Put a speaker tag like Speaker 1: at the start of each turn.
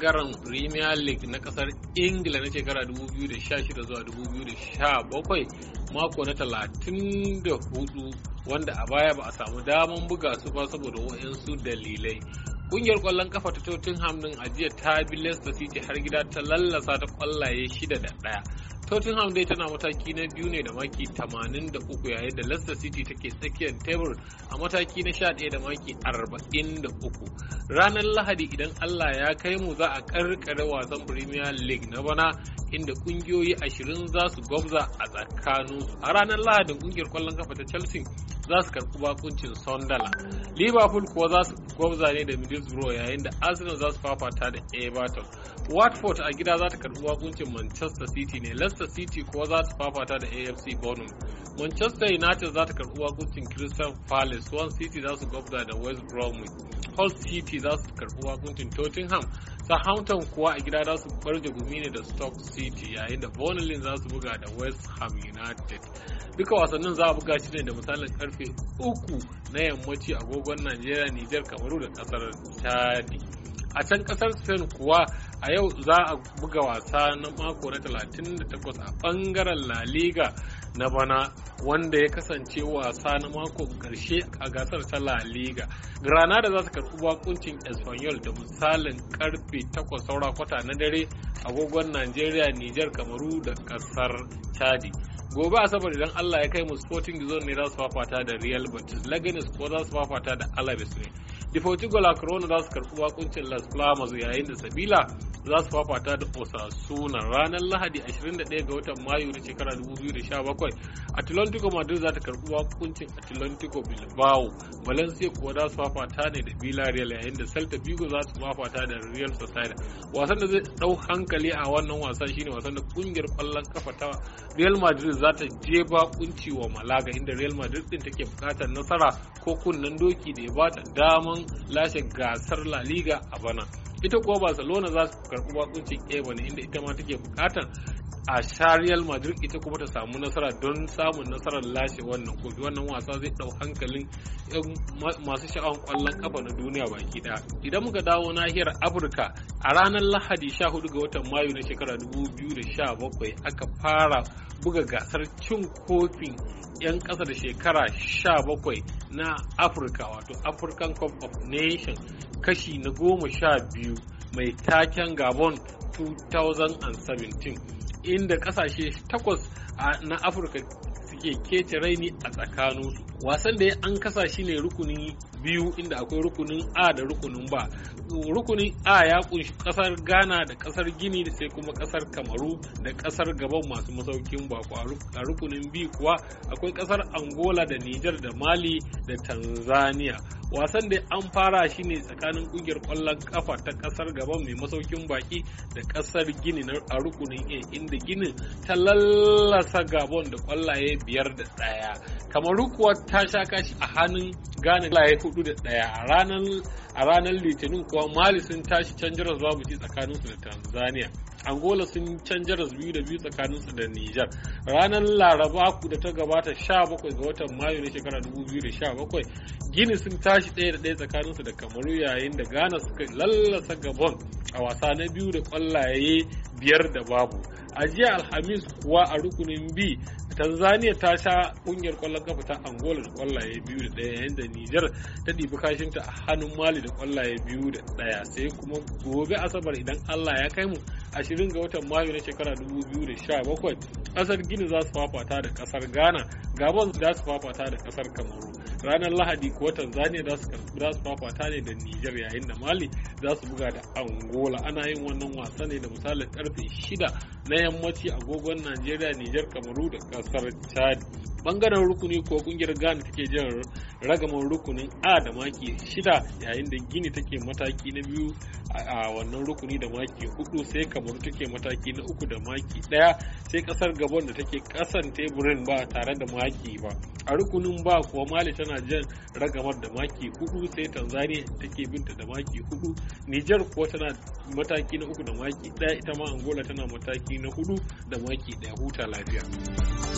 Speaker 1: bangaren premier league na kasar ingila na shekara 2016 zuwa 2017 mako na 34 wanda a baya ba a samu daman buga su ba saboda waɗansu dalilai kungiyar kwallon kafa ta Tottenham din a ta bi Leicester City har gida ta lallasa ta kwallaye 6 da 1 Tottenham dai tana mataki na biyu ne da maki 83 yayin da Leicester City take tsakiyar tebur a mataki na 11 da maki 43. Ranar Lahadi idan Allah ya kai mu za a karkare wasan Premier League na bana inda kungiyoyi 20 za su gwabza a tsakaninsu. A ranar Lahadin kungiyar kwallon kafa ta Chelsea za su karɓi bakuncin Sunderland. Liverpool kuwa za su gwabza ne da Middlesbrough yayin da Arsenal za su fafata da Everton. watford a gida za ta karbi wakuncin manchester city ne leicester city kuwa za ta fafata da afc bournemouth manchester united za ta karbi wakuncin crystal palace swan city za su gwabza da west bromwich hull city za su karbi wakuncin tottenham Southampton kuwa a gida za su barje gumi ne da Stoke City yayin da Burnley za su buga da West Ham United. Duka wasannin za a buga shi ne da misalin karfe uku na yammaci agogon Najeriya, Nijar, Kamaru da kasar Chadi. A can kasar Spain kuwa a yau za a buga wasa na mako na 38 a bangaren la liga na bana wanda ya kasance wasa na mako karshe a gasar ta la liga granada za su karɓi bakuncin espanyol da misalin karfe 8 saura kwata na dare agogon nigeria niger kamaru da kasar chadi gobe asabar idan allah ya kai mu sporting zone ne za su fafata da real betis leganes ko za su fafata da alaves ne deportivo la corona za su karɓi bakuncin las palmas yayin da sabila za su fafata da osasuna ranar lahadi 21 ga watan mayu na shekara 2017 atlantico madrid za ta karbi wakuncin atlantico bilbao valencia kuwa za su fafata ne da villarreal yayin da celta vigo za su fafata da real sociedad wasan da zai dau hankali a wannan wasa shine wasan da kungiyar kwallon kafa ta real madrid za ta je bakunci wa malaga inda real madrid din take bukatar nasara ko kunnen doki da ya bata daman lashe gasar la liga a bana ita kuwa barcelona za su karɓi bakuncin eba ne inda ita ma take bukatar a shariyar madrid ita kuma ta samu nasara don samun nasarar lashe wannan kofi wannan wasa zai ɗau hankalin 'yan masu sha'awar kwallon kafa na duniya baki daya idan muka dawo nahiyar afirka a ranar lahadi 14 ga watan mayu na shekara 2017 aka fara buga gasar cin kofin 'yan kasa da shekara 17 na afirka wato african cup of nation kashi na goma sha biyu mai taken gabon 2017 inda kasashe takwas na afirka ke keta raini a tsakaninsu wasan da ya an kasa shi ne rukunin biyu inda akwai rukunin a da rukunin ba rukunin a ya kunshi kasar ghana da kasar gini da sai kuma kasar kamaru da kasar gabon masu masaukin baku a rukunin b kuwa akwai kasar angola da niger da mali da tanzania wasan da an fara shi ne tsakanin kungiyar kwallon kafa ta kasar gabon mai masaukin baki da kasar gini a rukunin a inda gini ta lallasa gabon da kwallaye biyar da daya kamar kuwa ta sha kashi a hannun gane kwallaye hudu da daya a ranar litinin kuwa mali sun tashi canjira zuwa buci tsakanin su da tanzania angola sun canja biyu da biyu tsakaninsu da nijar ranar laraba da ta gabata 17 ga watan mayu na shekara 2017 gini sun tashi ɗaya da ɗaya tsakaninsu da kamaru yayin da ghana suka lallasa gabon a wasa na biyu da kwallaye biyar da babu a jiya alhamis kuwa a rukunin bi tanzania ta sha kungiyar kwallon kafa ta angola da kwallaye biyu da ɗaya yayin da nijar ta ɗibi kashinta a hannun mali da kwallaye biyu da ɗaya sai kuma gobe asabar idan allah ya kai mu 20 ga watan mayu na shekara 2017 kasar gini za su fafata da kasar ghana gabon za su fafata da kasar kamaru ranar lahadi kuwa tanzania za su fafata ne da niger yayin da mali za su buga da angola ana yin wannan wasa ne da misalin karfe 6 na yammaci agogon najeriya niger kamaru da kasar chad bangaren rukuni ko kungiyar ghana take jin ragaman rukunin a da maki shida yayin da gini take mataki na biyu a wannan rukuni da maki hudu sai kamar take mataki na uku da maki daya sai kasar gabon da take kasan teburin ba tare da maki ba a rukunin ba kuwa mali tana jan ragamar da maki hudu sai tanzania take binta da maki hudu niger kuwa tana mataki na uku da maki daya ita ma angola tana mataki na hudu da maki daya huta lafiya